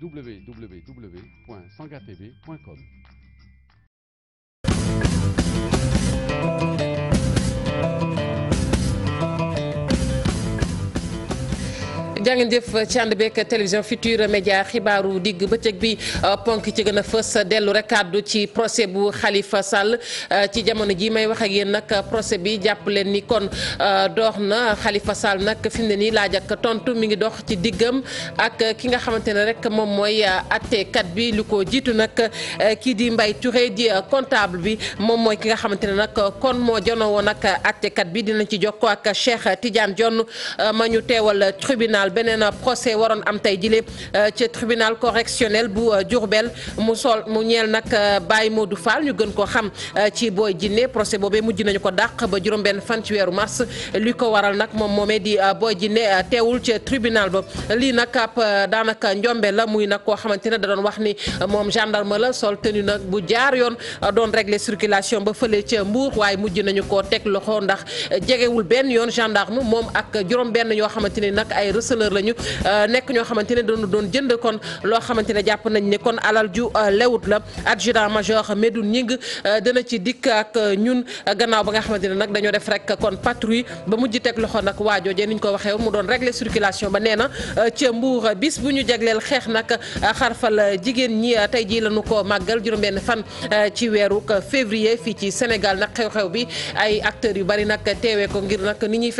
www.sangatv.com. jàngeen jëf ci ànd beeg télévision Futur Média xibaaru digg bëccëg bi euh, ponk ci gën a fës dellu rek àddu ci procès bu Khalifa Sall euh, ci jamono ji may wax ak yéen nag procès bi jàpp leen ni kon euh, dox na Khalifa Sall nag fi mu nii laaj ak tontu mi ngi dox ci diggam ak ki nga xamante ne rek moom mooy attekat bi lu ko jiitu nag kii di mbay Touré di comptable bi moom mooy ki nga xamante ne nag kon moo jonoo woon ak attekat bi dina ci jokkoo ak Cheikh Tidiane Dione ma beneen procès waroon am tey jile euh, ci tribunal correctionnel bu euh, Diourbel mu sol mu ñeel nag euh, Baye Modou faal ñu gën ko xam ci Boy Djiné procès boobee mujj nañu ko dàq ba juróom-benn fan ci weeru mars li ko waral nag moom moomee di Boy Djiné teewul ci tribunal ba lii nag ab daanaka njombe la muy nag koo xamante ne da doon wax ni moom gendarme la sol tenu nag bu jaar yoon doon régler circulation ba fële ca Mbour waaye mujj nañu koo teg loxo ndax jegewul benn yoon gendarme moom ak juróom-benn yoo xamante ni nag receleur lañu euh, nekk ñoo xamante ne doon doon jënd kon loo xamante ne jàpp nañ ne kon alal ju euh, lewut la adjudant major Medoune Ñing euh, dana ci dikk ak ñun gannaaw ba nga xamante ne nag dañoo def rek kon patrouille ba mujj teg loxo nag waajoojee niñ ko waxee mu doon régler circulation ba nee na ca Mbuur bis bu ñu jagleel xeex nag xarfal jigéen ñi tey jii lañu ko màggal juróom-benn fan ci weeru février fii ci Sénégal nag xew-xew bi ay acteurs yu bari nag teewee ko ngir nag ni ñuy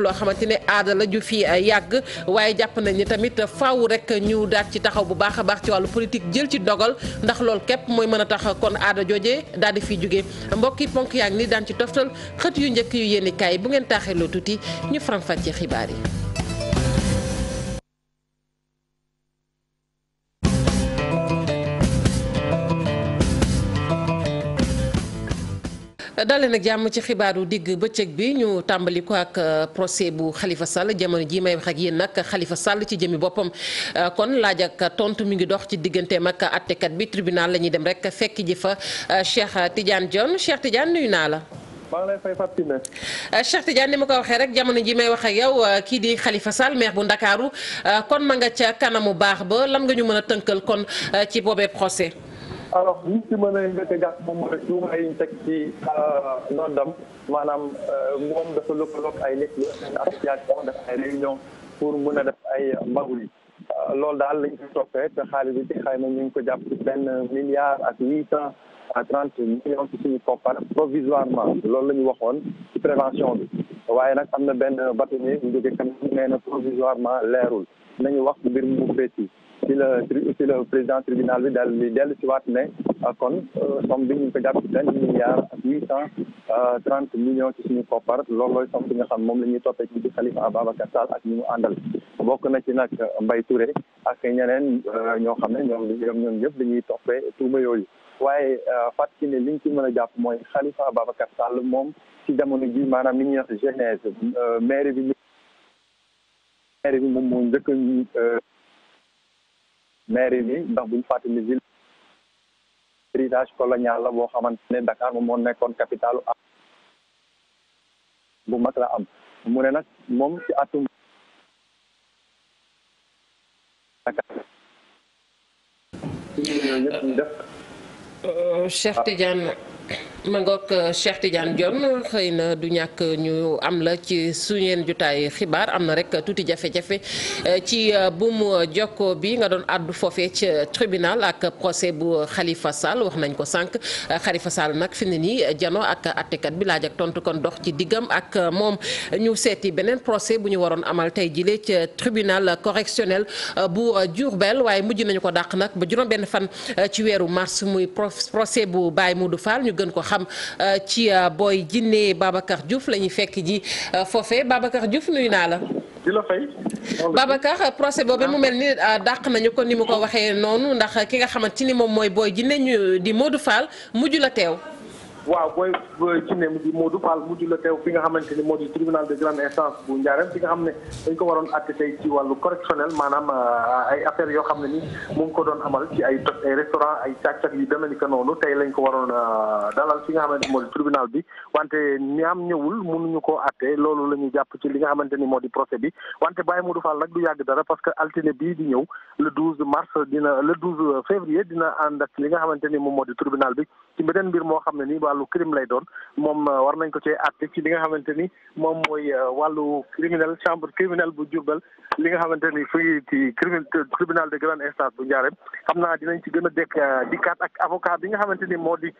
loo xamante ne aada la ju fi euh, yàgg waaye jàpp nañ ni tamit faaw rek ñu daat ci taxaw bu baax a baax ci wàllu politique jël ci dogal ndax loolu képp mooy mën a tax kon aada jooje daal di fi jóge mbokki ponk yaa ngi ni daan ci toftal xët yu njëkk yu yéenekaay bu ngeen taaxee loo tuuti ñu faram-fàccee xibaar yi. dale na jàmm ci xibaaru digg bëccëg bi ñu tàmbali ko ak euh, procès bu xalifa Sall jamono ji may wax ak yéen nag xalifa Sall ci jëmmi boppam euh, kon laaj ak tontu mu ngi dox ci digganteem ak àttekat bi tribunal la ñuy dem rek fekk ji fa euh, Cheikh Tidiane Dione Cheikh Tidiane nuyu naa la. maa ngi lay ma ko waxee rek jamono ji may wax ak yow kii di xalifa Sall maire bu Ndakaaru kon ma nga ca kanamu baax ba lan nga ñu mën a tënkal kon ci boobee procès. alors li ci mën a njëkk a jàpp moom mooy tuuma yi ñu teg ci euh, noddam maanaam euh, moom dafa lëkkaloog ay nit yu association def ay réunion pour mën a def ay mbagul yi euh, loolu daal lañu ko toppee te xaalis bi ci xayma ñu ngi ko jàpp benn milliard ak huit cent ak trente millions ci suñu koppar provisoirement loolu la ñu waxoon ci prévention bi waaye nag am na benn bâtonnier bu jóge kanam nee na provisoirement leerul nañu wax mbir mu féeti ci la ci la président tribunal bi daal di dellu si waat ne ah, kon euh, somme bi ñu ko jàpp ci benn milliard ak huit cent euh, trente millions ci suñu koppar lool looy somme bi nga xam moom la ñuy toppee ci Khalifa Ababacar Sall ak ñu mu àndal bokk na ci nag euh, Mbaye Touré ak ñeneen ñoo xam ne ñoom ñoom ñëpp dañuy toppee tuuma yooyu waaye fat ci ne liñ ci mën a jàpp mooy Khalifa Ababacar Sall moom ci jamono ji maanaam li ñuy wax genèse maire bi maire bi moom moo mairie bi ndax buñ fàttali ville héritage colonial la boo xamante ne Dakar moom moo nekkoon capitalu am mag la am mu ne nag moom ci atum euh, euh, Cheikh Tidiane ma ngoog euh, Cheikh Tidiane Dione xëy na du ñàkk ñu am la ci suñeen jotaay xibaar am na rek tuuti jafe-jafe euh, ci euh, buumu jokko bi nga doon àddu foofee ci tribunal ak procès bu Khalifa Sall wax nañ ko sànq Khalifa Sall nag fi ne nii jano ak attekat bi laa ak tontu kon dox ci diggam ak moom ñu seeti beneen procès bu ñu waroon amal tey jile ci tribunal correctionnel bu Diourbel waaye mujj nañu ko dàq nag ba juróom benn fan ci weeru mars muy procès bu Baye Modou Fall ñu gën ko xam euh, ci euh, booy jinne Babacar Diouf la ñuy fekk ji euh, foofe Babacar Diouf nuyu naa la. di la fay. boobu mu mel ni dàq nañu ko ni mu ko waxee noonu ndax ki nga xamante ni moom mooy booy jinne ñu di Modou Fall mujj la teew. waaw booy jinne mu di Modou Fall mujj la teew fi nga xamante ni moo di tribunal de grande instance bu Ndiarème fi nga xam ne dañ ko waroon àtte tey ci wàllu correctionnel maanaam euh, ay affaires yoo xam ne ni mu ngi ko doon amal ci ay ay restaurant ay càq-càq noonu tey lañ ko waroon euh, dalal fi nga xamante ni moo di tribunal bi wante ñaam ñëwul ñu ko atte loolu la ñuy jàpp ci li nga xamante ni moo di procès bi wante Baye Modou Fall nag du yàgg dara parce que altine bii di ñëw le 12 mars dina le 12 février dina ànd ak li nga xamante ni moom moo di tribunal bi ci beneen mbir moo xam ne ni wàllu crime lay doon moom euh, war nañ ko cee àtte ci li nga xamante ni moom mooy euh, wàllu criminel chambre criminelle bu Diourbel li nga xamante ni fii ci tribunal de grande instance bu Ndiarème xam naa dinañ ci gën a dekk euh, dikkaat ak avocat bi nga xamante ni moo di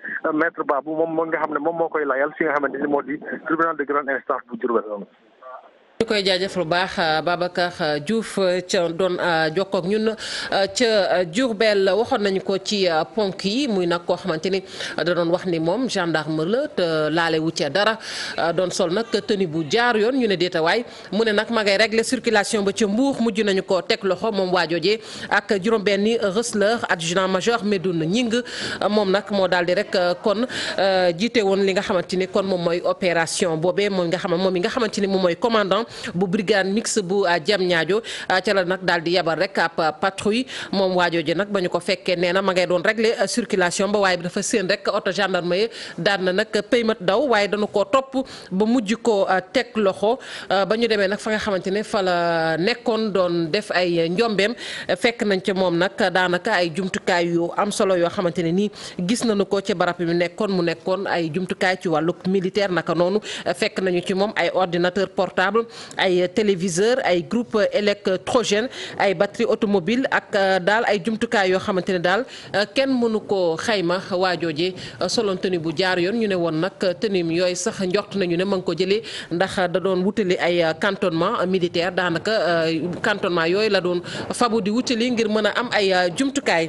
maître Babou moom moo nga xam ne moom moo koy layal fi nga xamante ni moo di tribunal de grande instance bu Diourbel ñu koy jaajëfal bu baax Babacar Diouf ca doon ah, jokkook ñun ah, ca Diourbel waxoon nañu ko ci ah, ponk yi muy nag koo xamante ni da wax ni moom gendarme la te laale ca dara doon sol nag tenue bu jaar yoon ñu ne déetawaay mu ne nag ma ngay régler circulation ba ca Mbour mujj nañu ko teg loxo moom waajoojee ak juróom-benni resleur adjudant major Medoune Ñing moom nag moo daal di rek kon jiite woon li nga xamante ni kon moom mooy opération boobee moom nga xam moom yi nga xamante ni moom mooy commandant bu brigade mixte bu jam euh, ñaajo euh, ca la nag daal di yabal rek ab patrouille moom waajoo ji nag ba ñu ko fekkee nee na ma ngay doon régler euh, circulation ba waaye dafa séen rek oto gendarmerie daan na nag paymat daw waaye dana koo topp ba mujj koo teg loxo ba ñu demee nag fa nga xamante ne fa la nekkoon doon def ay njombeem fekk nañ ca moom nag daanaka ay jumtukaay yu am solo yoo xamante ne nii gis nañu ko ca barab yu nekkoon mu nekkoon ay jumtukaay ci wàllu militaire naka noonu fekk nañu ci moom ay ordinateur portable ay téléviseur ay groupe électrogène ay batterie automobile ak euh, daal ay jumtukaay yoo xamante ne daal euh, kenn mënu ko xayma waajooje euh, soloon tenue bu jaar yoon ñu ne woon nag tenue yooyu sax njort nañu ne ma ngi ko jëlee ndax da doon wutali ay cantonnement militaire daanaka cantonnement yooyu la doon fabu di wutali ngir mën a am ay jumtukaay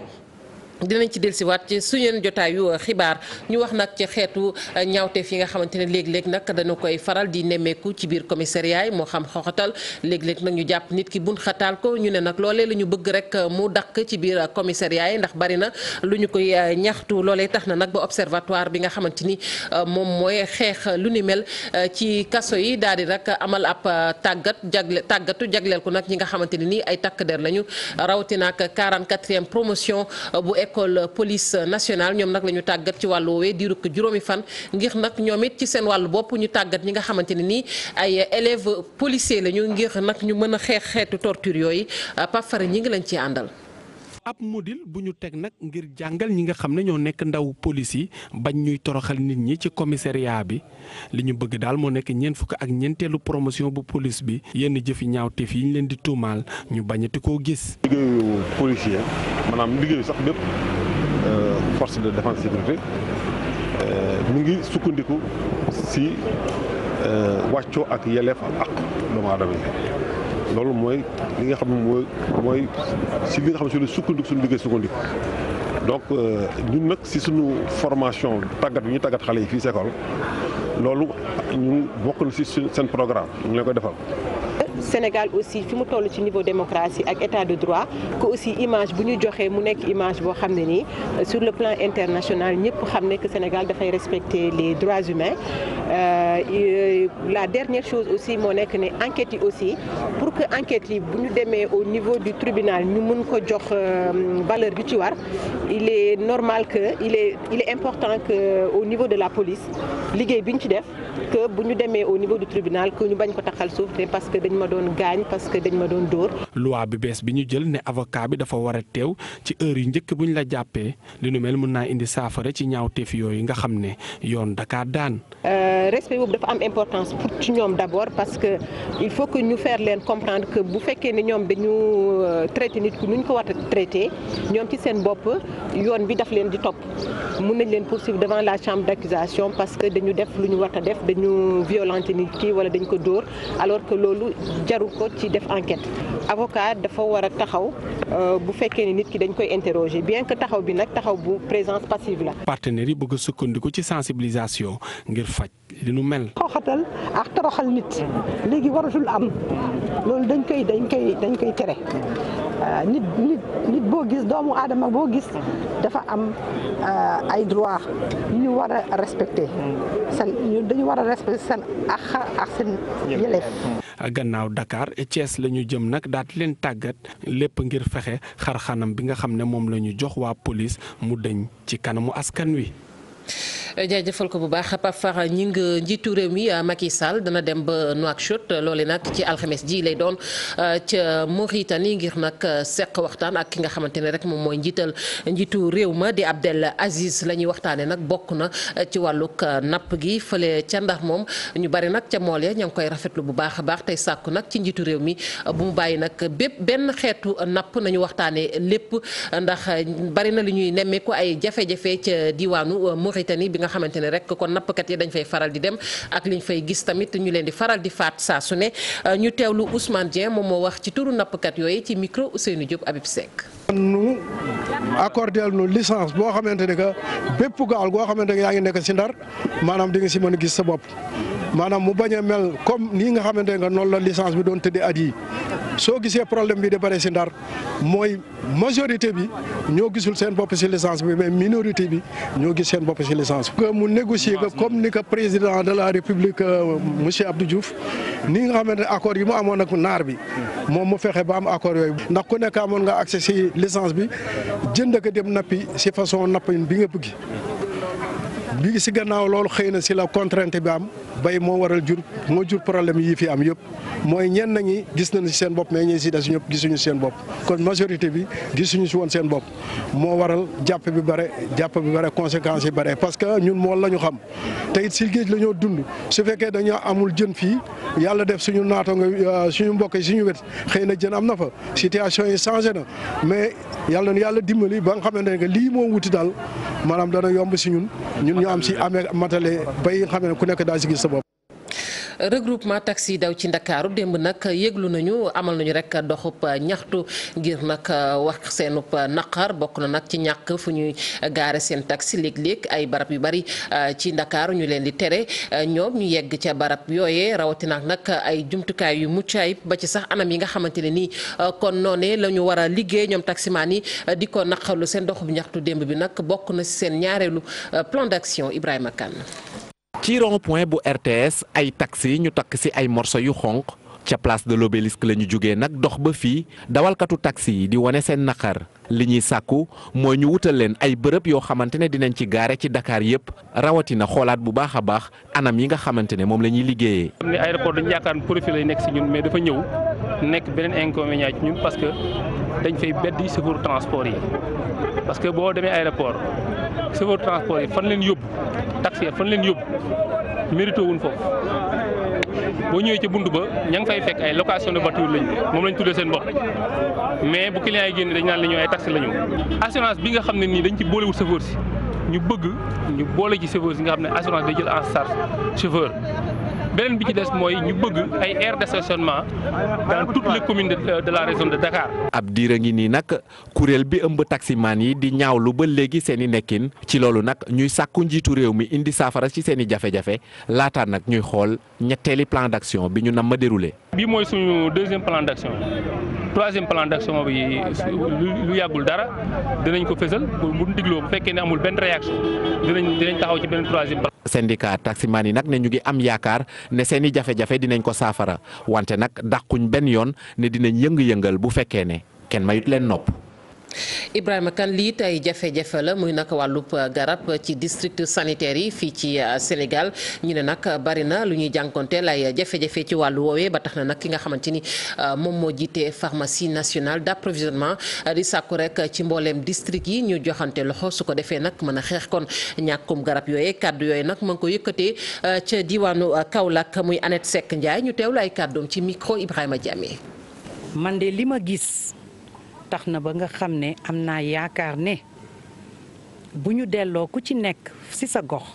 dinañ ci dellusiwaat ci suñu jotaayu xibaar ñu wax nag ci xeetu ñaawteef fi nga xamante ne léeg-léeg nag dañu koy faral di nemmeeku ci biir commissariat yi moo xam xoxatal léeg-léeg nag ñu jàpp nit ki bun xataal ko ñu ne nag loolee la ñu bëgg rek mu dakk ci biir commissariat yi ndax bari na lu ñu koy euh, ñaxtu loole tax na nag ba observatoire bi nga xamante ni euh, moom mooy xeex lu ni mel euh, ci kaso yi daal di rek amal ab tàggat jagle tàggatu jagleel ko nag ñi nga xamante ne nii ay takk der lañu rawatina ak 44 école police nationale ñoom nag la ñu tàggat ci wàllu woowee diiru juróomi fan ngir nag ñoom it ci seen wàllu bopp ñu tàggat ñi nga xamante ne nii ay élèves policier la ñu ngir nag ñu mën a xeex xeetu torture yooyu Pape Fara ñi ngi lañ ci àndal. ab module bu ñu teg nag ngir jàngal ñi nga xam ne ñoo nekk ndaw police yi bañ ñuy toroxal nit ñi ci commissariat bi li ñu bëgg daal moo nekk ñeent fukk ak ñeenteelu promotion bu police bi yenn jëfi ñaaw ñaawteef yi ñu leen di tuumaal ñu bañati koo gis. liggéeyu policier maanaam liggéeyu sax bépp euh, force de défense sécurité euh, mu ngi sukkandiku si euh, wàcco ak yelleef ak àq doomu yi loolu mooy li nga xam ne mooy mooy si li nga xam ne suñu sukkandiku suñu liggéey sukkandiku donc euh, ñun nag si suñu formation tàggat bi ñu tàggat xale yi fii si loolu ñu bokk na si seen programme ñu ngi leen ko defal. Sénégal aussi fi mu toll ci niveau démocratie ak état de droit que aussi image bu ñu joxee mu nekk image boo xam ne nii euh, sur le plan international ñëpp xam ne que Sénégal dafay respecter les droits humains euh, euh la dernière chose aussi moo nekk ne enquêtes yi aussi pour que enquêtes yi bu ñu demee au niveau du tribunal ñu mun ko jox euh, valeur bi ci war il est normal que il est important que au niveau de la police liggéey bi ñu ci def que bu ñu demee au niveau du doon gaañ parce que dañ ma doon dóor. loi bi bees bi ñu jël ne avocat bi dafa war a teew ci heure yu njëkk bu ñu la jàppee li nu mel mën naa indi saafara ci ñaaw ñaawteef yooyu nga xam ne yoon Dakar daan. Euh, respect boobu dafa am importance pour ci ñoom d' abord parce que il faut que ñu faire leen comprendre que bu fekkee ne ñoom dañu euh, traité nit ku nuñ ko war traité ñoom ci seen bopp yoon bi daf leen di topp mun nañ leen poursuivre devant la chambre d' parce que dañu def lu ñu war a def dañu violenté nit ki wala dañ ko dóor jaru ko ci def enquête avocat dafa war a taxaw euh, bu fekkee ni nit ki dañ koy interroger bien que taxaw bi nag taxaw bu présence passive la. partenaires yi bëgg sukkandiku ci sensibilisation ngir faj li nu mel. xooxatal ak toroxal nit léegi waratul am loolu dañ koy dañ koy dañ koy tere euh, nit nit boo gis doomu aadama boo gis dafa am euh, ay droit ñu war a respecté seen dañu war a respecté seen ak ak seen yelleef. gannaaw dakaar Thiès la ñu jëm nag daat leen tàggat lépp ngir fexe xar xanam bi nga xam ne moom la ñu jox waa polis mu dëñ ci kanamu askan wi. jaajëfal ko bu baax Pape Fara Gning njiitu réew mi Macky Sall dana dem ba Nouakchott loole nag ci alxemes ji lay doon euh, ca yi ngir nag euh, seq waxtaan ak ki nga xamante ne rek moom mooy njiital njiitu réew ma di Abdel Aziz la ñuy waxtaanee nag bokk na euh, ci wàllug napp gi fële ca ndax moom ñu bari nag ca mool ya ña ngi koy rafetlu bu baax a baax tey sàkku nag ci njiitu réew mi bu mu bàyyi nag bépp benn xeetu napp nañu waxtaanee lépp ndax bari na li ñuy nemmeeku ay jafe Mauritanie bi nga xamante ne rek kon nappkat yi dañ fay faral di dem ak liñ fay gis tamit ñu leen di faral di faat saa su ne euh, ñu teewlu Ousmane Dieng moom moo wax ci turu nappkat yooyu ci micro Ousseynou Diop Habib Seck. accordeel nu licence boo xamante ne que bépp gaal goo xamante ne yaa ngi nekk si ndar maanaam di nga si mën a gis sa bopp maanaam mu bañ a mel comme nii nga xamante ne noonu la licence bi doon tëddee at yi soo gisee problème bi de bare si ndar mooy majorité bi ñoo gisul seen bopp si licence bi mais minorité bi ñoo gis seen bopp si licence bi. mu négocier que comme ni ko président de la république euh, monsieur Abdou Diouf ni nga xamante ne accord yi mu amoon ak naar bi moom mu fexe ba am accord yooyu ndax ku nekk amoon nga accès si licence bi. jënd ak dem nappi si façon nappin bi nga bëgg bi si gannaaw loolu xëy na si la contrainte bi am bay moo waral jur moo jur problème yii fi am yëpp mooy ñenn ñi gis nañ si seen bopp mais ñi si des ñëpp gisuñu seen bopp kon majorité bi gisuñu si woon seen bopp moo waral jàpp bi bare jàpp bi bare conséquences yi bare parce que ñun mool la ñu xam te si géej la ñoo dund su fekkee dañu amul jën fii yàlla def suñu naatoo euh, suñu mbokk yi suñu wet xëy na jën am na fa situation yi changé na mais yàlla na yàlla dimbali ba nga xamante ne lii moo wuti daal maanaam dana yomb si ñun ñun ñu am si amee matale bay nga xam ne ku nekk daal si gis sa bopp. regroupement taxi daw ci ndakaaru démb nag yëglu nañu amal nañu rek doxub ñaxtu ngir nag wax seenub naqar bokk na nag ci ñàkk fu ñuy gaare seen taxi léeg-léeg ay barab yu bari euh, ci ndakaaru ñu leen di tere euh, ñoom ñu yegg ca barab yooyee rawatina nag ay jumtukaay yu mucc ayib ba ci sax anam yi nga xamante ne nii euh, kon noonee la ñu war a liggéey ñoom taximaan yi di ko naqarlu seen doxub ñaxtu démb bi nag bokk na ci seen ñaareelu plan d'action Ibrahima Kane ci ron point bu RTS ay taxi ñu takk si ay morso yu xonq ca place de l'obélisque la ñu jógee nag dox ba fii dawalkatu taxi yi di wane seen naqar li ñuy sàkku mooy ñu wutal leen ay bërëb yoo xamante ne dinañ ci gaare ci dakaar yëpp rawatina xoolaat bu baax a baax anam yi nga xamante ne moom la ñuy liggéeyee. xam ne aéroport dañu yaakaar ne profil lay nekk si ñun mais dafa ñëw nekk beneen inconvénient ci ñun parce que dañ fay beddi chauffeur transport yi parce que boo demee aéroport chauffeur transport yi fan leen yóbbu taxi fan leen yóbbu mérité boo ñëwee ca bunt ba ña ngi fay fekk ay location de voiture lañ moom lañ tuddee seen bopp mais bu client yi génn dañ naan la ñu ay taxi la assurance bi nga xam ne nii dañ ci boolewut chauffeur si ñu bëgg ñu boole ci chauffeur si nga xam ne assurance day jël en charge chauffeur beneen bi ci des mooy ñu bëgg ay aires de stationnement dans toutes les communes euh, de la région de Dakar. ab diir a ngi nii nag kuréel bi ëmb taximaan yi di ñaaw lu ba léegi seen i nekkin ci loolu nag ñuy sàkku njiitu réew mi indi saafara ci seen i jafe-jafe laataan nag ñuy xool ñetteeli plan d'action bi ñu namm a déroulé. bi mooy suñu deuxième plan d'action troisième plan d'action bi lu yàggul dara dinañ ko fësal bu digloo bu fekkee ne amul benn réaction taxaw ci benn troisième plan. syndicat yi nag ne ñu ngi am yaakaar ne seen i jafe-jafe dinañ ko saafara wante nag dàquñ benn yoon ne dinañ yëng-yëngal bu fekkee ne kenn mayut leen nopp Ibrahima Kane lii tey jafe-jafe la muy nag wàllu garab ci district sanitaire yi fii ci euh, Sénégal ñu ne nag bari na lu ñuy jànkonteel ay jafe-jafe ci wàllu woowee ba tax na nag ki nga xamante ni euh, moom moo jiite pharmacie nationale d'approvisionnement di sàkku rek ci mbooleem district yi ñu joxante loxo su ko defee nag mën a xeex kon ñàkkum garab yooyee kàddu yooyu nag ma ngi ko yëkkatee euh, ca diwaanu Kaolack muy anet sekk Ndiaye ñu teewlu ay kàddoom ci micro Ibrahima Diamé. man tax na ba nga xam ne am naa yaakaar ne bu ñu delloo ku ci nekk ci sa gox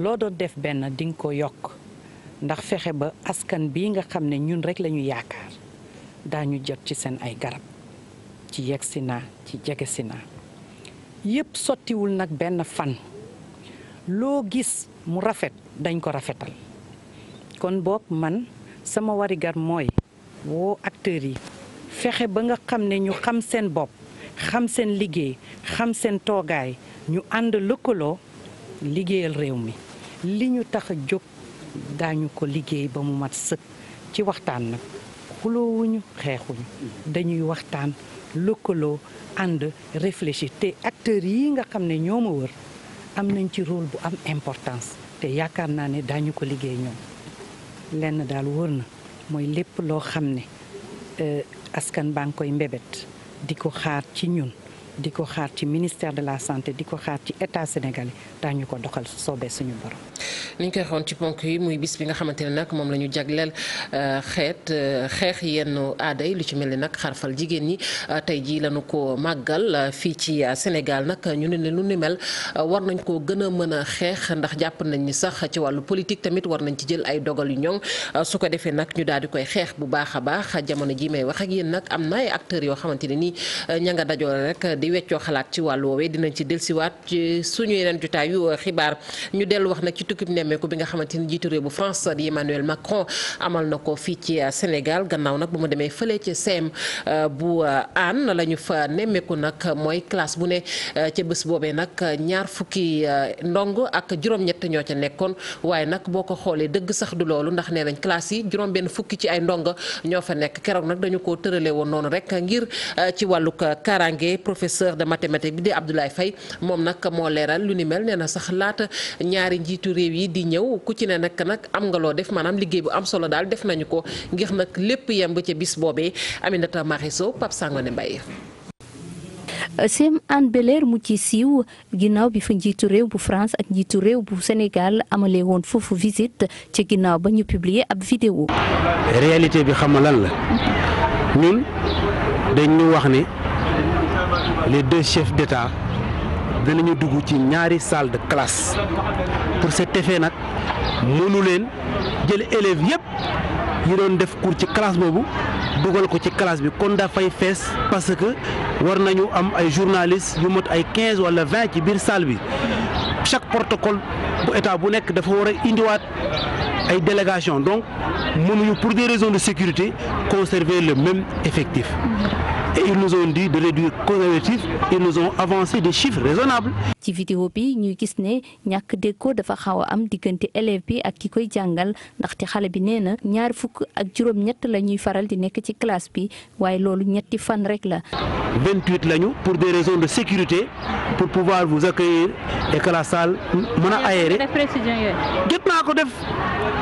loo doon def benn di ko yokk ndax fexe ba askan bii nga xam ne ñun rekk lañu yaakaar daañu jot ci seen ay garab ci yegg si naa ci jege si naa yëpp sottiwul nag benn fan loo gis mu rafet dañ ko rafetal kon boog man sama warigar mooy woo acteurs yi fexe ba nga xam ne ñu xam seen bopp xam seen liggéey xam seen toogaay ñu ànd lëkkaloo liggéeyal réew mi li ñu tax a jóg daañu ko liggéey ba mu mat sëkk ci waxtaan nag xuloowuñu xeexuñu dañuy waxtaan lëkkaloo ànd réfléchir te acteurs yi nga xam ne ñoo ma wër am nañ ci rôle bu am importance te yaakaar naa ne daañu ko liggéey ñoom lenn daal wër na mooy lépp loo xam ne euh, askan baa ngi koy mbébét di ko xaar ci ñun di ko xaar ci ministère de la santé di ko xaar ci état sénégalais tax ñu ko doxal soobee suñu borom. li ñu koy xoon ci ponk yi muy bis bi nga xamante ne nag moom la ñu jagleel euh, xeet euh, xeex yenn aaday lu ci mel ni nag xarfal jigéen ñi euh, tey jii lañu ko màggal fii ci Sénégal nag ñu ne ne lu ni mel war nañ ko gën a mën a xeex ndax jàpp nañ ni sax ci wàllu politique tamit war nañ ci jël ay dogal yu ñoŋ su ko defee nag ñu daal di koy xeex bu baax a baax jamono ji may wax ak yéen nag am na ay yoo xamante ne nii ña nga dajoo rek di weccoo xalaat ci wàllu woowee dinañ ci dellusiwaat ci suñu yeneen tukkib nemmeeku bi nga xamante ni bu France di Emmanuel Macron amal na ko fii ci euh, Sénégal gannaaw nag bu ma demee fële ci CEM euh, bu Hann euh, la ñu fa nemmeeku nag mooy classe bu ne ca bés boobee nag ñaar fukki ndong ak juróom-ñett ñoo ca nekkoon waaye nag boo ko xoolee dëgg sax du loolu ndax nee nañ classe yi juróom-benn fukki ci ay ndongo ñoo fa nekk keroog nag dañu ko tëralee woon noonu rek ngir ci wàllu kaaraange professeur de mathématique bi di Abdoulaye Faye moom nag moo réew yi di ñëw ku ci ne nag nag am nga loo def maanaam liggéey bu am solo daal def nañu ko ngir nag lépp yemb ca bis boobee Aminata Mariso Pape Sangone Mbaye Sem Hann Bel-Air mu ci siiw ginnaaw bi fi njiitu réew bu France ak njiitu réew bu Sénégal amale woon foofu visite ci ginnaaw ba ñu publier ab vidéo. réalité bi xam lan la ñun dañ wax ne les deux chefs d'État danañu dugg ci ñaari salle de classe pour cet effet nag mënu leen jël élèves yëpp yi doon def cours ci classe boobu dugal ko ci classe bi kon dafay fees parce que war nañu am ay journalistes yu mot ay quinze wala vingt ci biir salle bi chaque protocole bu état bu nekk dafa war a indiwaat ay délégation donc mënuñu pour des raisons de sécurité conserver le même effectif et ils nous ont de réduire conservatif ils nous ont avancé des chiffres raisonnables. ci vidéo bi ñuy gis ne ñàkk déggoo dafa xaw a am diggante élève bi ak ki koy jàngal ndaxte xale bi nee na ñaar fukk ak juróom-ñett la ñuy faral di nekk ci classe bi waaye loolu ñetti fan rek la. 28 lañu pour des raisons de sécurité pour pouvoir vous accueillir et que la salle ko def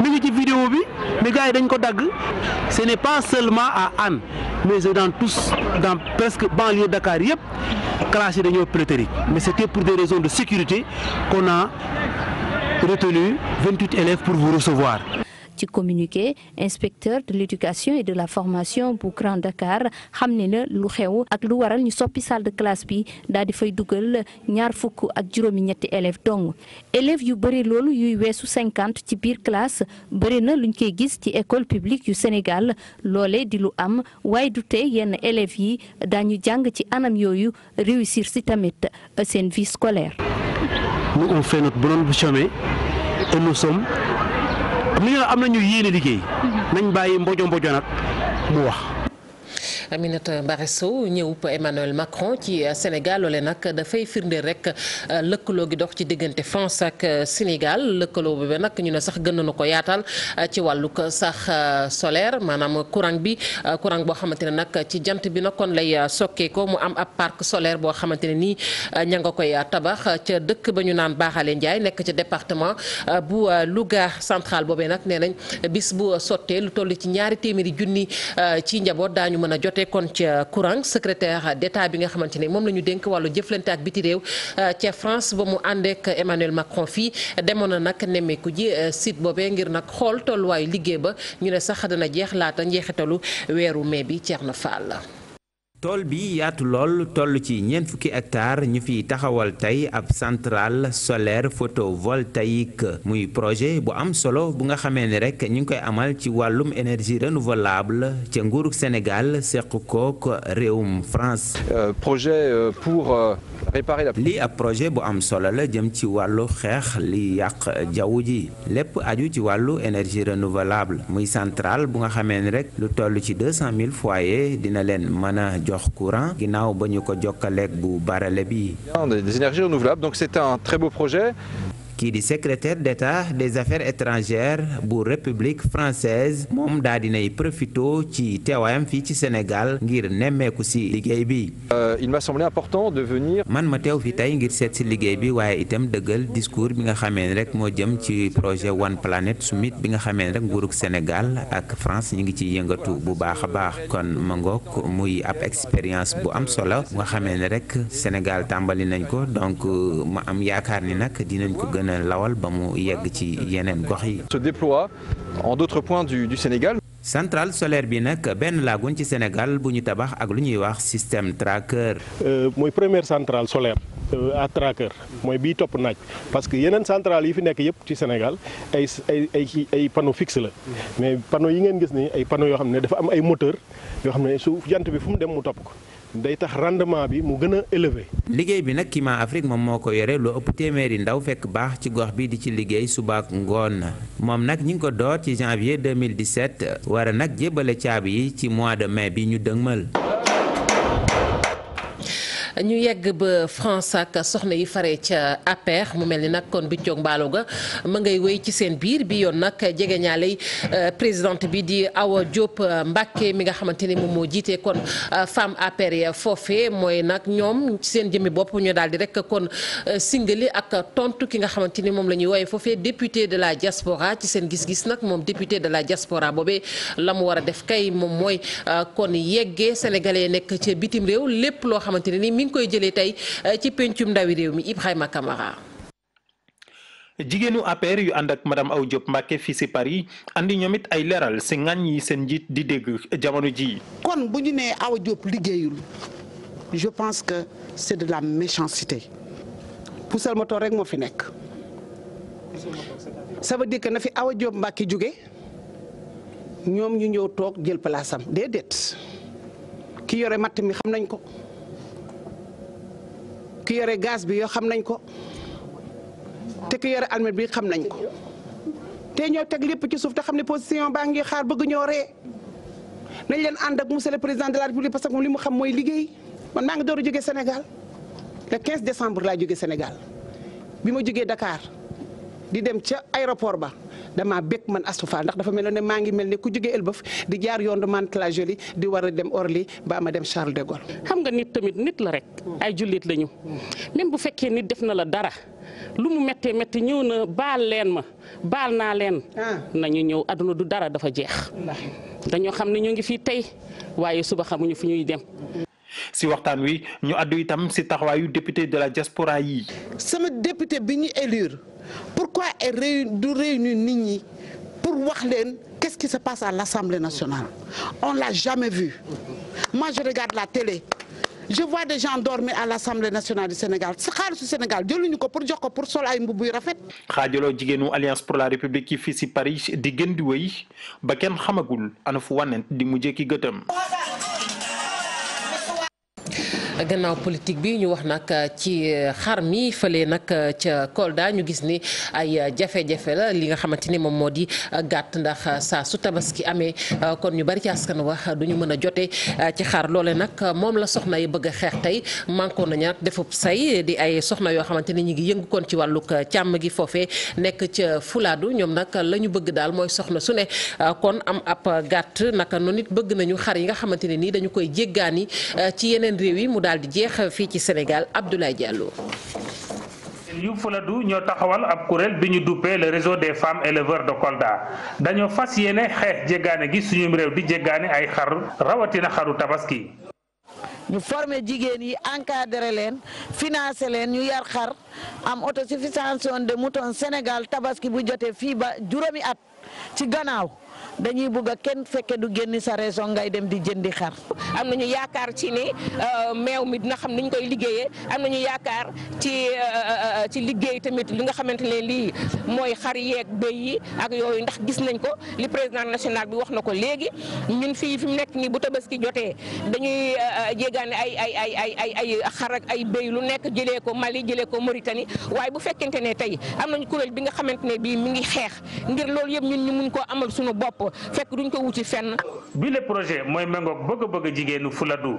mi ngi ci vidéo bi mais gars yi dañ ko dagg ce n'est pas seulement à Hann mais c'est dans tous dans presque banlieue Dakar yëpp classes yi dañoo prétérique mais c'était pour des raisons de sécurité qu'on a retenu 28 élèves pour vous recevoir ci communiqué inspecteur de l'éducation et de la formation bu Grand car xam ne na lu xew ak lu waral ñu soppi salle de classe bi daal di fay dugal ñaar fukk ak juróomi ñetti élèves dong élèves yu bëri loolu yuy weesu cinquante ci biir classe bëri na luñ koy gis ci école publique yu Sénégal loole di lu am way du tee yenn élèves yi daañu jàng ci anam yooyu réussir si tamit seen vie scolaire. li nga am nañu yéene liggéey mhm. nañ bàyyi mbojo mbojo nag mu wax. Aminata Mbaré Sow ñëwub Emmanuel Macron ci euh, Sénégal loole nag dafay firndeel rek euh, lëkkaloo gi dox ci diggante France ak euh, Sénégal lëkkaloo boobu nag ñu ne sax gën nañu ko yaatal ci wàllug sax solaire maanaam courant bi courant boo xamante ne nag ci jant bi nag kon lay sokkeekoo mu am ab park solaire boo xamante ne nii ña nga koy tabax ca dëkk ba ñu naan Baaxale Ndiaye nekk ca département bu Louga central boobe nag nee nañ bis bu sottee lu toll ci ñaari téeméeri junni jotee kon ca courant secretaire d'État bi nga xamante ne moom la ñu dénk wàllu jëflante ak biti réew euh, ca France ba mu àndeek ak Emmanuel Macron fii demoon na nag nemmeeku ji euh, site boobee ngir nag xool tolluwaayu liggéey ba ñu ne sax dana jeex laata njeexitalu weeru mai bi na Thierno Fall. tool bi yaatu lool toll ci ñeent fukki hectare ñu fi taxawal tey ab centrale solaire photovoltaïque muy projet bu am solo bu nga xamee ni rek ñu ngi koy amal ci wàllum énergie renouvelable ca nguurug Sénégal seq kook réewum France. Euh, projet euh, pour euh, réparer la. lii ab projet bu am solo la jëm ci wàllu xeex li yàq jaww ji lépp aju ci wàllu énergie renouvelable muy centrale bu nga xamee ni rek lu toll ci deux cent mille foyers dina leen mën jox jox courant ginnaaw ba ñu ko jokkaleeg bu barale bi. des énergies renouvelables c'est un très beau projet. kii di secrétaire d'État des affaires étrangères bu république française moom di dinay profito ci teewaayam fii ci Sénégal ngir nemmeeku si liggéey bi. Euh, il m'a semblé man ma teew fii tey ngir seet si liggéey bi waaye itam dëggal discours bi nga xamee ne rek moo jëm ci projet One Planet Summit bi nga xamee ne rek nguurug Sénégal ak France ñu ngi ci yëngatu bu baax a baax kon mangook muy ab expérience bu am solo nga xamee ne rek Sénégal tàmbali nañ ko donc euh, ma gën lawal ba mu yegg ci yeneen gox yi. se déploie en d'autres points du Sénégal. centrale solaire bi nag benn laagun ci Sénégal bu ñu tabax ak lu ñuy wax système tracker. Euh, mooy première centrale solaire. Euh, à traqueur mooy bii topp naaj parce que yeneen centrale yi fi nekk yëpp ci Sénégal ay ay ay ay panneau la mais panneau yi ngeen gis ni ay panneau yoo xam ne dafa am ay moteur yoo xam ne su jant bi fu mu dem mu topp ko day tax rendement bi mu gën a élevé. liggéey bi nag Climat Afrique moom moo ko yore lu ëpp téeméeri ndaw fekk baax ci gox bi di ci liggéey suba ak ngoon moom nag ñi ngi ko door ci janvier 2017 war a nag jébbale caabi yi ci mois de mais bi ñu dëgmal. ñu yegg ba France ak soxna yi fare ca APR mu mel ni nag kon biccoog mbaalo ga ma ngay wéy ci seen biir bi yoon nag jege ñaaley euh, présidente bi di Awa Diop euh, Mbacke mi nga xamante ni moom moo jiitee kon euh, femme APR ya foofe mooy nag ñoom seen jëmmi bopp ñoo daal di rek kon singali ak tontu ki nga xamante ni moom la ñuy woowee foofee député de la diaspora ci seen gis-gis nag moom député de la diaspora boobee la mu war a def kay moom mooy kon yeggee sénégal nekk ca bitim lépp loo ñu koy jëlee tey euh, ci pencum ndawi réew mi Ibrahima Camara. jigéenu APR yu ànd ak madame Aw Diop Mbacke fii si Paris andi ñoomit ay leeral si ngañ yi seen njiit di dégg jamono ji kon bu ñu nee Aw Diop liggéeyul je pense que c'est de la méchanceté puusal ma toog rek moo fi nekk. ça veut dire que na fi aw Diop Mbacke jóge ñoom ñu ñëw toog jël palaasam déedéet ki yore matt mi xam nañ ko. ki yore gaz bi yoo xam nañ ko te ki yore almet bi xam nañ ko te ñoo teg lépp ci suuf te xam ne position baa ngi xaar bëgg ñoo ree nañ leen ànd ak monsieur le président de la république parce que li mu xam mooy liggéey man naa ngi door a jógee Sénégal le décembre laa jóge Sénégal bi ma jógee dakaar di dem ca aéroport ba. damaa bëgg man Astou Fall ndax dafa mel ne maa ngi mel ni ku jóge Elbeuf di jaar yoon du Mantes-la di war a dem Orly ba ma dem Charles de Gaulle. xam nga nit tamit nit la rek. ay jullit lañu. même bu fekkee nit def na la dara lu mu méttee métti ñëw na baal leen ma baal naa leen. na ah. nañu ñëw àdduna du dara dafa jeex. dañoo xam ne ñu ngi fii tey waaye suba xamuñu fu ñuy dem. si waxtaan wi ñu àddu itam si taxawaayu député de la diaspora yi. sama député bi ñu élire ay réun du réunir nit ñi pour wax leen qu'est-ce qui se passe à l'Assemblée nationale on l'a jamais vu moi je regarde la télé je vois des gens dormir à l'Assemblée nationale du Sénégal sa xaalisu Sénégal jëluñu ko pour jox ko pour sol ay mbubb yu rafet. xaajaloo jigéenu alliance pour la république yi fii si Paris di gën di ba kenn xamagul ana fu wànnent di mujjee ki gëtëm. gannaaw politique bi ñu wax nag euh, ci euh, xar mi fële nag euh, ca Kolda ñu gis ni ay jafe-jafe la li nga xamante ni moom moo di gàtt ndax saa su tabaski amee kon ñu bari ci askan wax du mën a jote ci xar nag moom la soxna yi bëgg xeex tey mànkoo nañu nag defub di ay soxna yoo xamante ni ñu ngi yëngu kon ci wàllu càmm gi foofee nekk ca Fulaadu ñoom nag la ñu bëgg daal mooy soxna su ne kon am ab gàtt naka noonu it bëgg nañu xar yi nga xamante ne nii dañu koy jéggaani ci yeneen réew yi daal di jeex fii ci Sénégal Abdoulaye Diallo. yu Fuladu ñoo taxawal ab kuréel bi ñu duppee le des femmes éleveurs de Kolda dañoo fas yéene xeex jéggaane gi suñu réew di jéggaane ay xar rawatina xaru tabaski. ñu former jigéen yi encadrer leen financer leen ñu yar xar am autosuffisance de mouton Sénégal tabaski bu jotee fii ba juróomi at ci gannaaw. dañuy bugg a kenn fekke du génni sa raison ngay dem di jëndi xar. am nañu yaakaar ci ni euh, meew mi dina xam niñ koy liggéeyee am nañu yaakaar ci euh, euh, ci liggéey tamit li nga xamante ne lii mooy xar yeeg béy yi ak yooyu ndax gis nañ ko li président national bi wax na ko léegi ñun fii fi mu nekk nii bu tabaski jotee dañuy jéegaane ay ay ay ay ay ay xar ak ay béy lu nekk jëlee ko Mali jëlee ko Mauritanie waaye bu fekkente ne tey am nañ kuréel bi nga xamante ne bii mi ngi xeex bopp fekk duñ ko wuti fenn. bi le projet mooy méngoog bëgg-bëgg jigéenu Fuladu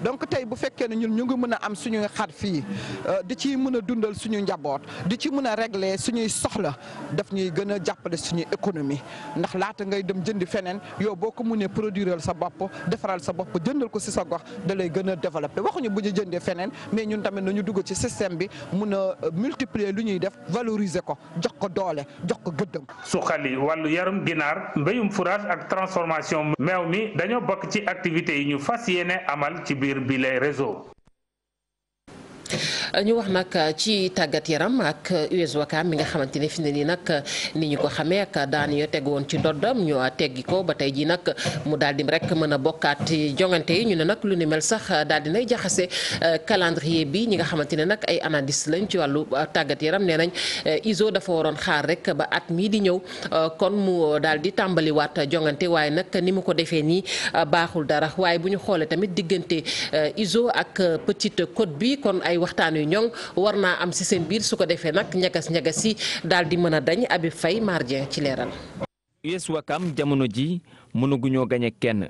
donc tey bu fekkee ne ñun ñu ngi mën a am suñuy xar fii euh, di ci mën a dundal suñu njaboot di ci mën a régler suñuy soxla daf ñuy gën a jàppale suñu économie ndax laata ngay dem jëndi feneen yow boo ko munee produiral sa bopp defaral sa bopp jëndal ko si sa gox da lay gën a développé waxuñu bu ñu jëndee feneen mais ñun tamit nañu dugg ci système bi mun a euh, multiplier lu ñuy def valoriser ko jox ko doole jox ko gëddam. suqali wàllu yarum ginaar mbéyum fourrage ak transformation meew ci biir bi les réseaux ñu wax nag ci tàggat yaram ak US Ouakam mi nga xamante ne fi ne nii nag ni ñu ko xamee ak daan yo teg woon ci ndoddam ñu teggi ko ba tey ji nag mu daal di rek mën a bokkaat jongante yi ñu ne nag lu ni mel sax daal di nay jaxase euh, calendrier bi ñi nga xamante ne nag ay analyste lañ ci wàllu euh, tàggat yaram nee nañ euh, ISO dafa waroon xaar rek ba at mii di ñëw kon mu daal di tàmbaliwaat jongante waaye nag ni mu ko defee nii baaxul dara waaye bu ñu xoolee tamit diggante ISO ak Petite Côte bi kon ay waxtaan yu war naa am ci seen biir su ko defee nag ñagas-ñagas yi daal di mën a dañ Abi fay Mardien ci leeral. US Ouakam jamono ji mënaguñoo gañe kenn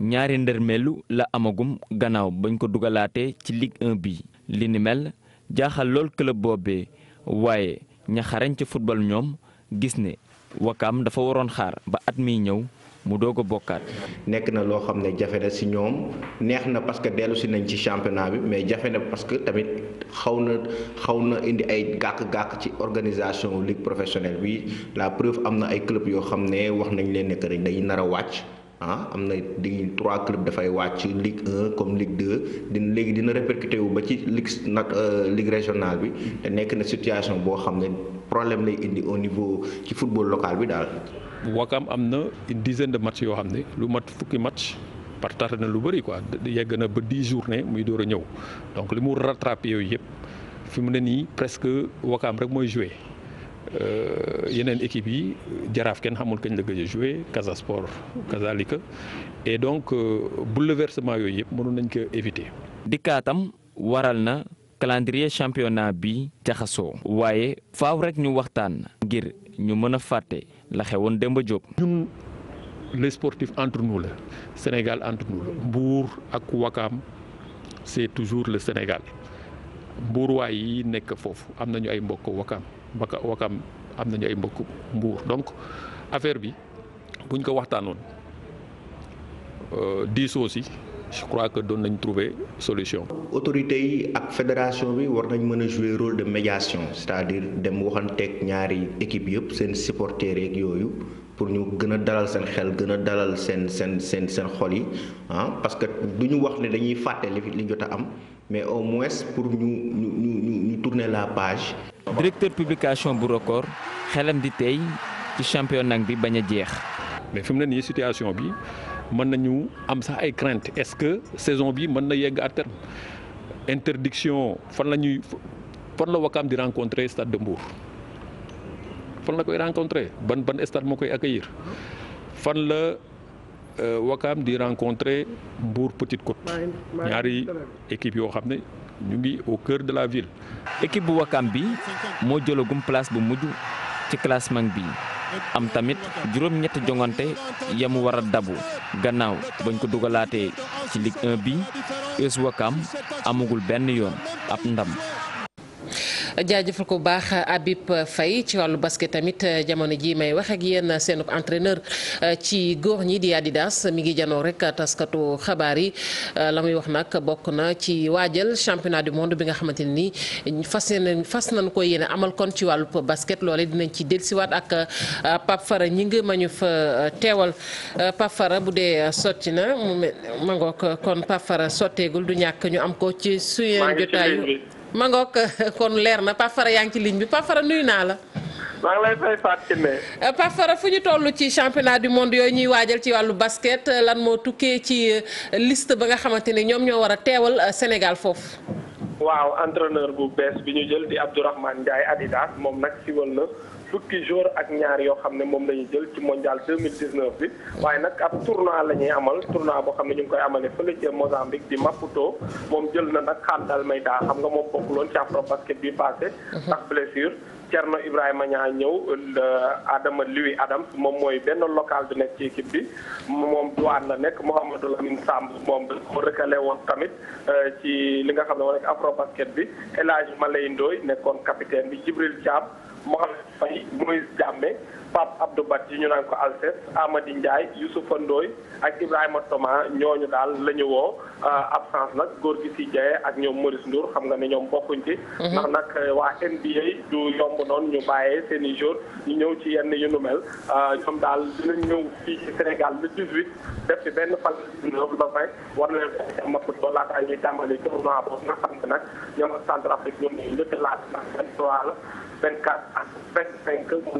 ñaari ndërmeelu la amagum gannaaw bañ ko dugalaate ci Ligue 1 bi li ni mel jaaxal lool club boobee waaye ña xarañ ca football ñoom gis ne Ouakam dafa waroon xaar ba at miy ñëw. mu doo a bokkaat. nekk na loo xam ne jafe na si ñoom neex na parce que dellu si nañ ci championnat bi mais jafe na parce que tamit xaw na xaw na indi ay gàkk-gàkk ci organisation ligue professionnel bi la preuve am na ay club yoo xam ne wax nañ leen nekk rek dañuy nar a wàcc. ah am na di trois clubs dafay wàcc Ligue 1 comme Ligue dina léegi dina répercuté wu ba ci ligue nag euh, ligue régionale bi te nekk na situation boo xam ne problème lay indi au niveau ci football local bi daal. Wakam am na une dizaine de matchs yoo xam ne lu mat fukki match par tardé na lu bëri quoi yegg na ba dix journée muy door a ñëw donc li mu rattrapé yooyu yëpp fi mu ne nii presque Wakam rek mooy joué. Euh, yeneen équipe yi jaraaf kenn xamul kañ la gëj a joué Casa Sport kazalika et donc euh, leversement yooyu yëpp mënoon nañ ko éviter. dikkaatam waral na calendrier championnat bi jaxasoo. waaye faaw rek ñu waxtaan ngir ñu mën a fàtte. la xewoon Demba Diop. ñun les sportifs entre nous la Sénégal entre nous la Mbour ak Wakaam c'est toujours le Sénégal mbuurwaay yi nekk foofu am nañu ay mbokk Wakaam baka Wakaam am nañu ay mbokk Mbour donc affaire bi buñ ko waxtaanoon euh, diisoo si. je crois que doon nañ trouver solution. autorité yi ak fédération bi war nañ mën a jouer role de médiation c'est-à-dire dem waxanteeg ñaari équipe yëpp seen supporters yeeg yooyu pour ñu gën a dalal seen xel gën a dalal seen seen seen seen xol yi ah parce que du ñu wax ne dañuy fàtte li li jot a am mais au moins pour ñu ñu ñu ñu tourner la page. directeur publication bu record xelam di tey ci championnat bi bañ a jeex. mais fi mu ne nii situation bi. mën nañu am sax ay crainte est-ce que saison bi mën na yegg à terme interdiction fan la ñuy fan la Wakam di rencontrer stade de Mbour fan la koy rencontrer ban ban stade moo koy accueillir fan la euh, Wakam di rencontrer Mbour Petite Côte ñaari équipe yoo xam ne ñu ngi au cœur de la ville. équipe bu Wakam bi moo jëlagum place bu mujj ci classement bi. am tamit juróom-ñetti jongante yamu war a dabu gannaaw bañ ko dugalaatee ci Ligue 1 bi US Ouakam amagul benn yoon ab ndam. jaajëfal ko baax Habib fay ci wàllu basket tamit euh, jamono ji may wax ak yéen seenub entraîneur euh, ci góor ñi di Adidas mi ngi janoo rek taskatu xabaar yi euh, lamuy wax nag bokk na ci waajal championnat du monde bi nga xamante ni nii fas na fas nañu ko yéene amal kon ci wàllu basket loole dinañ ci dellusiwaat ak Pape Fara ñi ngi mañu fa teewal Pape Fara bu dee sotti na mangook kon Pape Fara sotteegul du ñàkk ñu am ko ci suñu jotaayu mangook euh, kon leer na Pafara yaa ngi ci ligne bi Pafara nuyu naa la. maa ngi lay fay Fatou euh, Kiné. Pafara fu ñu toll ci championnat du monde yooyu ñuy waajal ci wàllu basket euh, lan moo tukkee ci liste ba nga xamante ne ñoom ñoo war a teewal Sénégal foofu. waaw entraîneur bu bees bi ñu jël di Abdourahmane Ndiaye Adidas moom nag siwal na. fukki jour ak ñaar yoo xam ne moom la ñu jël ci mondial 2019 bi waaye nag ab tournoi la ñuy amal tournoi boo xam ne ñu ngi koy amalee fële ca Mozambique di Maputo moom jël na nag xantal may daa xam nga moom bokkuloon ci afro basket bi passé mhm. ndax blessure Cerno Ibrahima ñaa ñëw Adama Louis Adams moom mooy benn locale bi nekk ci équipe bi moom duwaan na nekk Mouhamadou Lamine Samb moom dañ ko recalé woon tamit euh, ci li nga xam ne moo nekk bi El Hadj Malay Ndoy nekkoon capitaine bi Jibril Thiam Mohamed Faye Moïse Diambé Pape Abdou Bat yi ñu naan ko Alces Amady Ndiaye Youssoufa Ndoye ak Ibrahima Toma ñooñu daal lañu ñu woo euh, absence nag góor gi si jaye ak ñoom Maurice Ndour xam nga ne ñoom bokkuñ ci. Mhm. ndax nag euh, waa NBA du yomb noonu ñu bàyyee seen i jour ñu ñëw ci yenn yu nu mel euh, ñoom daal dinañ ñëw fii ci Sénégal le 18 def ci benn fan la 20 war na leen fexe Maputo laata ñuy tàmbali tournoi boobu nga xam ne nag ñoom ak Centrafrique ñoom ñooy 24 ak a métti pour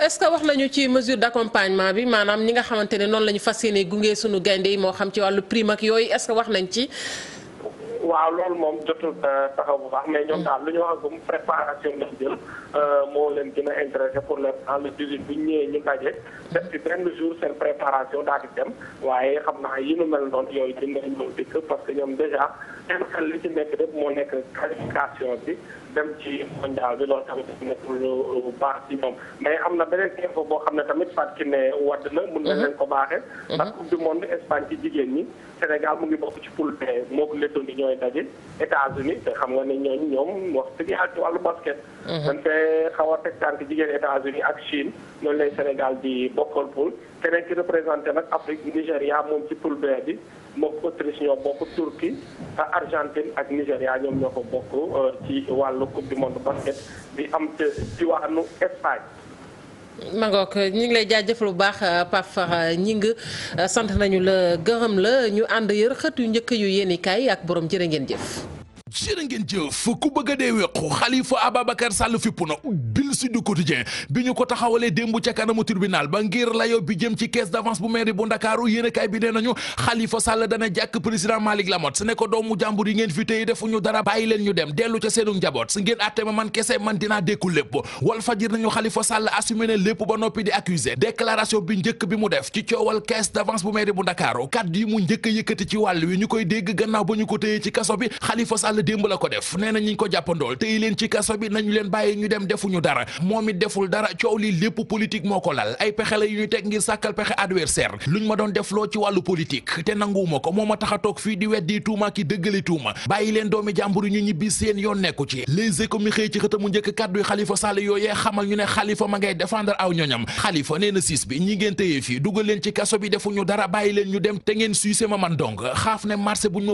est-ce que wax nañu ci mesure d'accompagnement bi maanaam ñi nga xamante ne noonu la ñu fas yéene gunge sunu gaynde yi moo xam ci wàllu prime ak yooyu est wax nañ ci. waaw loolu moom jotul euh, taxaw bu baax mais ñoom daal lu ñu wax agum préparation lañ jël euh, moo leen gën a intéressé pour le en le 18 ñëwee ñu daje def ci benn jour seen préparation daal di dem waaye xam naa yi nu mel noonu yooyu dinañ ñëw dikk parce que ñoom déjà seen xel li ci nekk rek moo nekk qualification bi dem ci mondial bi loolu tamit nekk lu baax ci ñoom mais am na beneen info boo xam ne tamit Fatou Kiné wadd na mun na leen ko baaxee mhm. ndax coupe du jigéen ñi Sénégal mu ngi bokk ci poule B mook fay daje États-Unis te xam nga ne ñooñu ñoom wax dëgg yàlla ci wàllu basket. Mhm. dañ fee xaw a teg tànk jigéen États-Unis ak Chine noonu lay Sénégal di bokkal pool keneen ki représenté nag Afrique Nigéria moom ci pool B bi mook Autriche ñoo bokk Turquie Argentine ak Nigéria ñoom ñoo ko bokk euh, ci wàllu coupe du monde basket bi am ci diwaanu Espagne. Magog ñu ngi lay jaajëfal bu baax euh, Pape Fara euh, Gningue euh, sant nañu la gërëm la ñu ànd yër xët yu njëkk yu yéen ak borom jërë ngeen jëf. jërë ngeen jëf ku bëgg a dee wequ xalifa ababacar sàll fippu na bil sud du bi ñu ko taxawalee démb ca kanamu tribunal ba ngir layo bi jëm ci caisse d'avance bu mairie bu ndakaaru yéenekaay bi nee nañu xalifa sàll dana jàkk président Malick Lamotte su ne doomu jàmbur yi ngeen fi tey defuñu dara bàyyi leen ñu dem dellu ca seenu njaboot su ngeen àtte ma man kese man dinaa dékku lépp wal fajir nañu xalifa sàll assumé ne lépp ba noppi di accusé déclaration bi njëkk bi mu def ci coowal caisse d'avance bu mairie bu ndakaaru kaddu yi mu wàll wi ñu koy dégg gannaaw ba ñu Sall démb la ko def nee na ñi ko jàppandool tey leen ci kaso bi nañu leen bàyyi ñu dem defuñu dara moom it deful dara coow lii lépp politique moo ko lal ay pexe la yu ñu teg ngir sàkkal pexe adversaire ñu ma doon def loo ci wàllu politique te nanguwuma ko moom a tax a toog fii di weddi tuuma ki dëggali tuuma bàyyi leen doomi jàmbur yi ñu ñibbi seen yoon nekku ci les éco mi xëy ci xëtamu njëkk kàddu yi Xalifa Sall yooyee xamal ñu ne Xalifa ma ngay aw ñoñam Xalifa nee na siis bi ñi ngeen téye fii dugal leen ci kaso bi defuñu dara bàyyi leen ñu dem te ngeen suy ma man donc xaaf ne marché buñ ma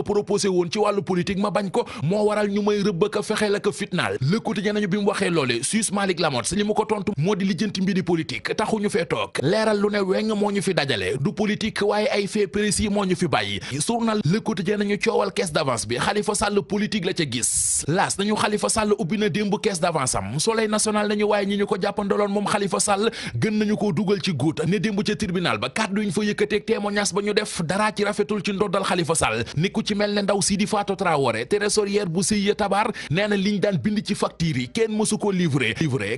woon ci wàllu politique ma bañ ko moo waral ñu may rëbb ak a fexe la fitnaal le quotidien nañu bi mu waxee loole Suisse Malick Lamotte si li mu ko tontu moo di lijjanti mbiri politique taxu ñu fee toog leeral lu ne weng moo ñu fi dajale du politique waaye ay fait précis moo ñu fi bàyyi journal le quotidien nañu coowal caisse d'avance bi Khalifa Sall politique la ca gis laas nañu Khalifa Sall ubbi na démb caisse d'avance am soleil national nañu waaye ñi ñu ko jàppandaloon moom Khalifa Sall gën nañu koo dugal ci guut ne ca tribunal ba kàddu yi ñu ba ñu def dara ci rafetul ci ndoddal Khalifa Sall ni ku ci mel ne ndaw Sidi trésorière bu Siya Tabaar nee na liñ daan bind ci facture yi kenn mësu ko livré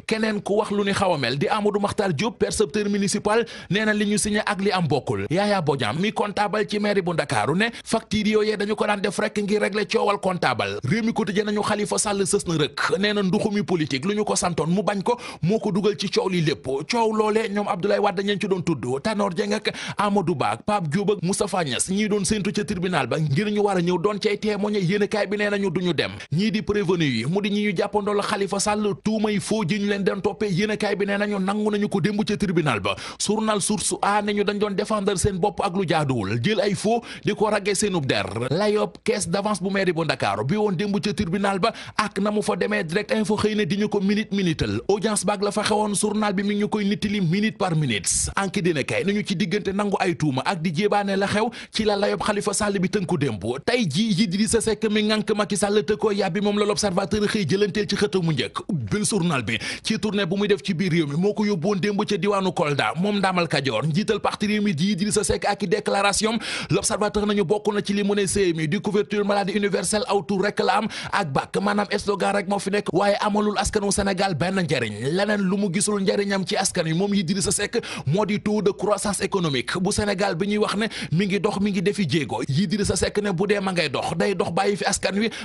keneen ku wax lu ni xaw a di Amadou Makhtar Diop percepteur municipal nee li ñu signé ak li am bokkul Yaya Bodiam mi comptable ci mairie bu Ndakaaru ne facture yooyee dañu ko daan def rek ngir régler coowal comptable réew mi quotidien nañu Khalifa Sall sës na rëkk nee nduxumi politique lu ñu ko santoon mu bañ ko moo ko dugal ci coow li lépp coow loolee ñoom Abdoulaye a a nañu duñu dem ñii di prévenu yi mu di ñi ñu jàppandool Khalifa Sall tuumay foo ji leen den toppee yéenekaay bi nee nañu nangu nañu ko démb ca tribunal ba journal Source A ne ñu dañ doon défendre seen bopp ak lu jaaduwul jël ay foo di ko ragge seenub der layob caisse d'avance bu mairie bu Ndakaaru bi woon démb ca tribunal ba ak na mu fa demee direct info xëy na di ñu ko minute minutal audience baag la fa xewoon journal bi mi ñu koy nittali Macky Sall te ko yàbbi moom la l'observateur xëy jëlanteel ci xëta mu njëkk ubbil journal bi ci tournée bu muy def ci biir réew moo ko yóbboon démb ca diwaanu Kolda moom ndaamal Kajoor njiital parti réew mi di i déclaration l'observateur nañu bokk na ci li mu ne CMU di couverture maladie universelle aw rek la am ak bàkk maanaam slogan rek moo fi nekk waaye amalul askanu Sénégal benn njariñ leneen lu mu gisul njariñam ci askan wi moom Idrissa Seck moo di taux de croissance économique bu Sénégal bi ñuy wax ne mi ngi dox mi ngi defi jéego Idrissa bu dee ma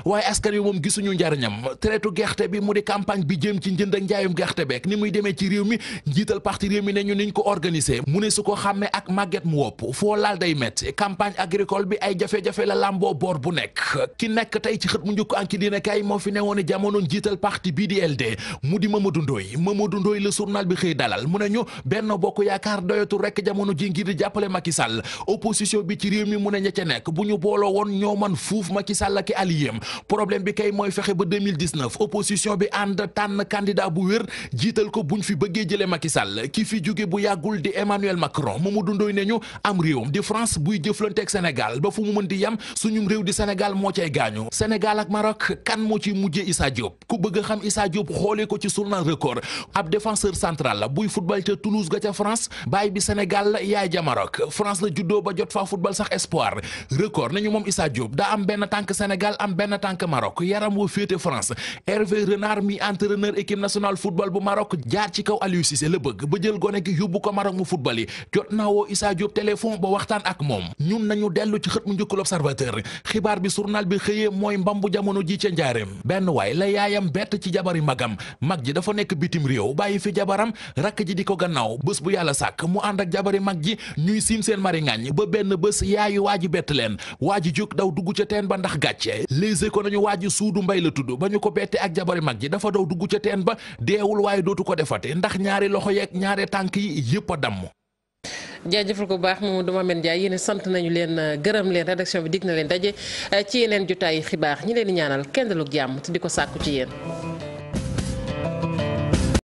waaye askan yi moom gisuñu njariñam traitu gerte bi mu di campagne bi jëm ci njënd njaayum gerte beeg ni muy demee ci réew mi njiital parti réew mi ne ñu niñ ko organiser mu ne su ko xàmmee ak mu wopp foo laal day métti campagne agricole bi ay jafe la làmboo boor bu nekk ki nekk tey ci xët mu njëkk anki dina kay moo fi newoon jamono njiital parti bii di LD mu di Mamadou Ndoye Mamadou Ndoye bi xëy dalal mu ne ñu Benno Bokk Yaakaar doyatul rek jamono ji ngir di jàppale Macky Sall opposition bi ci réew mi mu ne ña nekk bu ñu booloo woon ñoo man fuuf Macky Sall ak alliéem am problème bi kay mooy fexe ba 2019 opposition bi ànd tànn candidat bu wér jiital ko buñ fi bëggee jëlee Macky Sall ki fi jóge bu yàggul di Emmanuel Macron Mamadou Ndoye ne ñu am réewam di France buy jëflanteeg Sénégal ba fu mu mën di yam suñum réew di Sénégal moo cay gaañu Sénégal ak Maroc kan moo ci mujjee Issa ku bëgg xam Issa Diop xoolee ko ci journal record ab défenseur central la buy football ca Toulouse ga ca France baay bi Sénégal yaay ja Maroc la juddoo ba jot faa football sax espoir record nañu moom Issa Diop daa am benn tànk Sénégal am benn tànk Maroc yaram woo féete France Hervé Renard mi entraîneur équipe nationale football bu Maroc jaar ci kaw Aliou Cissé la bëgg ba jël gone gi yóbbu ko Maroc mu football yi jot naa woo Issa Diop téléphone ba waxtaan ak moom ñun nañu dellu ci xët mu njëkk l'Observateur xibaar bi journal bi xëyee mooy mbambu jamono ji ca njaareem benn waay la yaayam bett ci jabari magam mag ji dafa nekk bitim réew bàyyi fi jabaram rakk ji di ko gannaaw bés bu yàlla sàkk mu ànd ak jabari mag ji ñuy siim seen mari ngaañ ba benn bés yaayu waa ji bett leen waa ji jóg daw dugg ca teen ba ndax gàcce les éco nañu waa ji suudu mbay la tudd ba ñu ko bette ak jabari mag ji dafa daw dugg ca teen ba deewul waaye dootu ko defate ndax ñaari loxo yeeg ñaari tànk yi yëpp a damm jaajëfal ko baax moom baax Mamadou Mamen Ndiaye yéen sant nañu leen gërëm leen rédaction bi dig na leen daje ci yeneen jotaayu xibaax ñi leen di ñaanal kenn dalug jàmm te di ko sàkku ci yéen